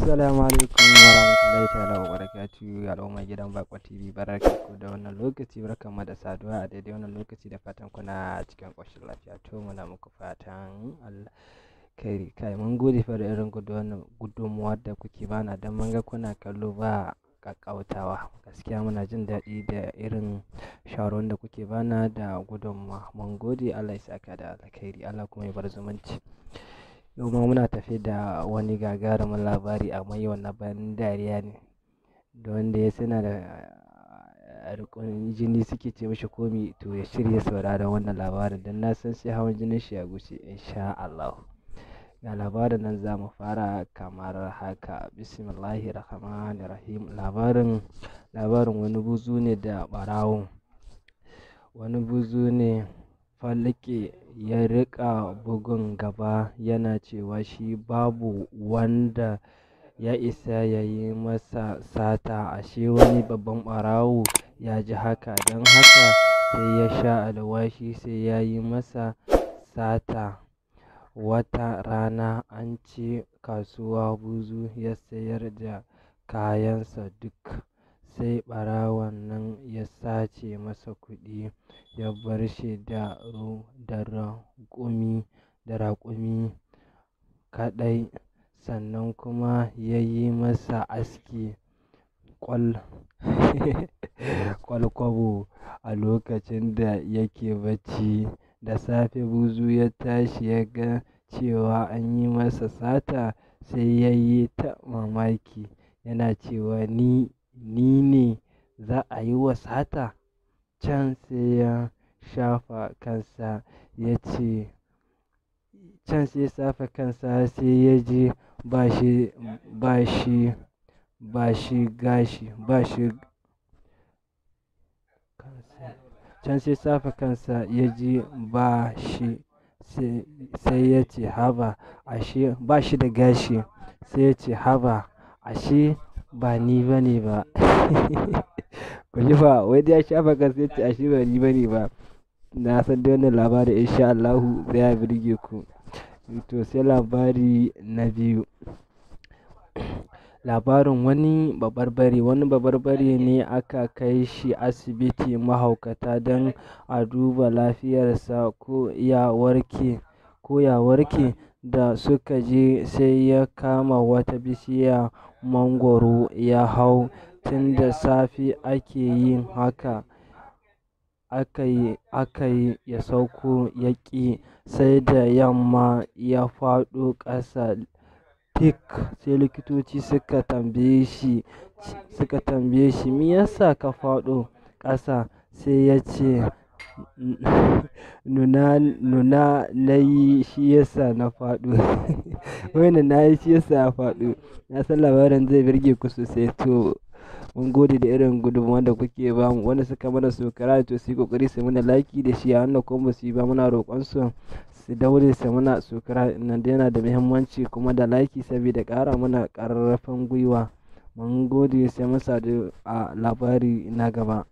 Assalamu alaikum warahmatullahi ta'ala wa barakatuhu al'umma gidan Bakwa TV ku da wannan lokaci barkan mu da saduwa a daidai wannan lokaci da fatan kuna cikin ƙoshin lafiya to muna muku fatan Allah kai mun gode fa da irin gudunmuwa da kuke bana dan mun ga kuna kallo ba kakkautawa gaskiya muna jin daɗi da irin shawarwarin da kuke bana da gudunmuwa mun gode Allah ya saka da alkhairi Allah kuma ya bar zumunci Yau muna tafe da wani gagarumin labari a mai na bayan dariya ne, da wanda ya suna da eh, rikon jini suke ce mishi komi to ya shirya sauraron wannan labarin don na san sai hawan jinin shi ya gushe insha Allah. Ga labarin nan za mu fara kamar haka Bismillahi Rahmanir Rahim labarin wani buzu ne da ɓarawo wani buzu ne Falake ya riƙa bugun gaba yana cewa shi babu wanda ya isa ya yi masa sata, ashe wani babban ɓarawo ya ji haka, don haka sai ya sha alwashi sai ya yi masa sata. Wata rana an ce kasuwa Buzu ya sayar da kayansa duk. sai ɓarawon nan ya sace masa kuɗi ya bar shi da raƙumi kaɗai sannan kuma ya yi masa aski kwalkwabo ƙwalƙwabo a lokacin da yake bacci. Da safe Buzu ya tashi ya ga cewa an yi masa sata sai ya yi ta mamaki yana cewa ni ni ne za a yi wa sata? Can sai ya shafa kansa ya ce can sai ya shafa kansa sai ya ji ba shi ba shi ba shi gashi ba shi can sai shafa kansa ya ji ba shi sai ya ce haba ashe ba shi da gashi sai ya ce haba ashe ba ni ba ne ba ji ba wai dai ya shafa kansa yace ashe ba ni ba ne ba na san dai wannan labarin insha Allahu zai birge ku to sai labari na biyu labarin wani babarbare wani babarbare ne aka kai shi asibiti mahaukata don a duba lafiyarsa ko ko ya warke da suka je sai ya kama wata bishiya mangwaro ya hau, tun da safe ake yin haka aka yi ya sauko ya ƙi, sai da yamma ya faɗo ƙasa tik, sai likitoci suka tambaye shi me yasa ka faɗo ƙasa, sai ya ce nuna nuna na yi shi yasa na faɗo wannan na yi shi yasa na faɗo na san labarin zai birge ku sosai to mun gode da irin gudunmawar da kuke ba mu wanda suka mana sokara to su yi kokari su mana laki da shi a wannan kuma ba su yi ba muna roƙon su su daure su mana sokara nan yana da muhimmanci kuma da laki saboda ƙara mana ƙarfin gwiwa mun gode sai mun sadu a labari na gaba